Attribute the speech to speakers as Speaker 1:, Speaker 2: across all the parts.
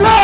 Speaker 1: No.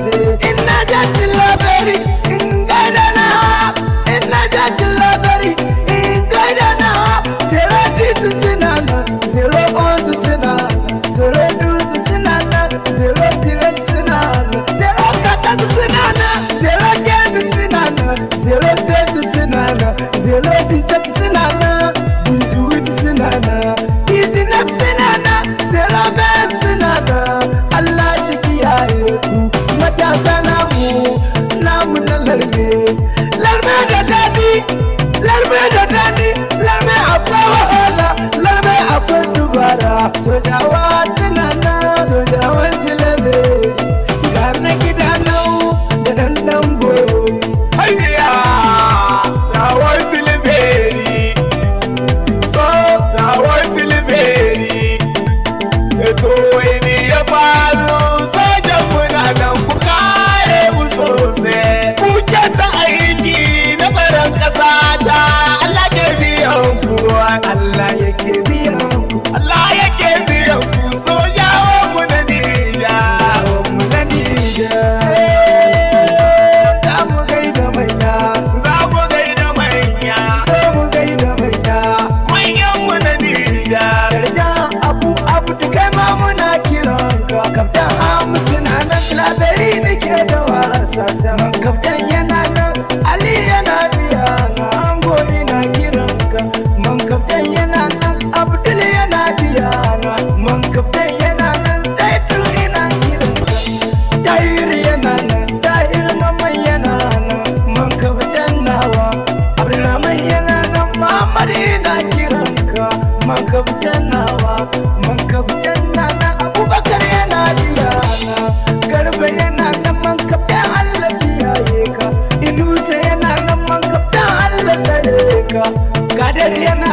Speaker 1: music. da daɗi larme da daɗi larme akwai wahala larme akwai dubara sojawa suna nan sojawan tilabe magabtan nawa magabtan na abubakar yana biya garba yana nan magabtan allah kiyaye ka yana nan magabtan allah tsare ka kadar yana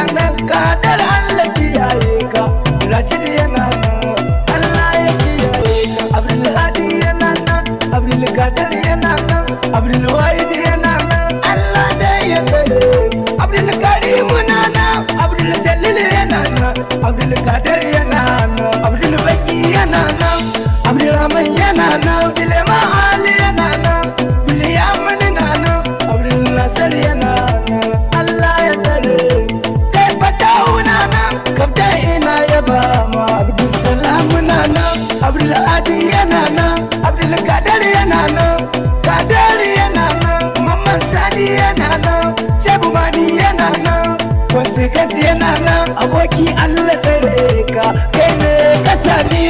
Speaker 1: kiyaye ka yana allah ya kiyaye ka yana nan yana nan yana nan kadari yana nan mamman sani yana nan shabu mani yana nan konsekansi yana nan aboki allah tsare ka kai ne ka sani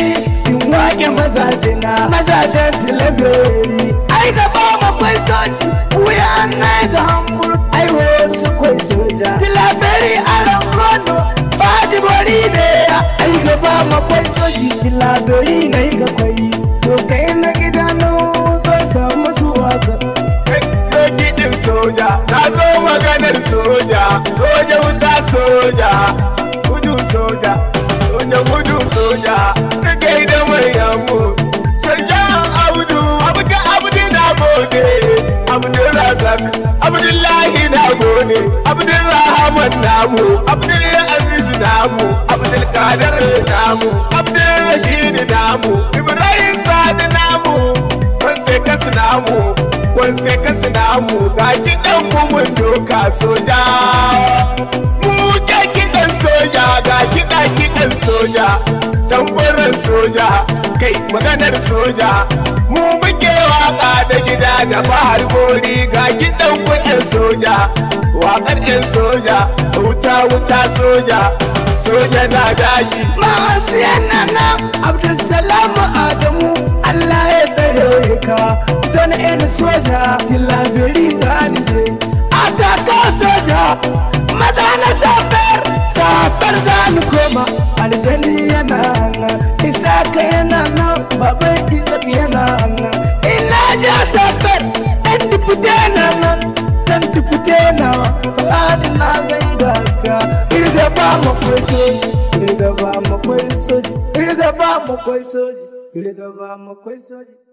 Speaker 1: in waƙe mazajena mazajen tilabiri ai gaba ma faistoci wuya na ga hambur ai wasu kwai soja tilabiri alam gono fadi bori ne ai gaba ma faistoci tilabiri ne soja na zo maganar soja soja wuta soja gudu soja soja gudu soja rike da mai yamu sharjan abudu abdu abudu na gode abudu razak lahi na gode abudu rahman namu abudu aziz namu abdul kadir namu abudu rashid namu ibrahim sadi namu kan sai namu kun sai ka mu ga kidan mu mun doka soja mu ke kiɗan soja ga kiɗa kiɗan soja tamburan soja kai maganar soja mu muke waka da gida da bahar gori ga kiɗan mu yan soja wakar yan soja wuta wuta soja soja na daji siyan nan a na eni soja tilabiri zanije ataka soja maza na safar safar zanu koma aljani yana nan isaka yana nan baban isak yana nan ina ja safar dan dipute na nan dan dipute na da na gaida ka irga ba makwai soji irga ba makwai soji irga ba makwai soji irga ba makwai soji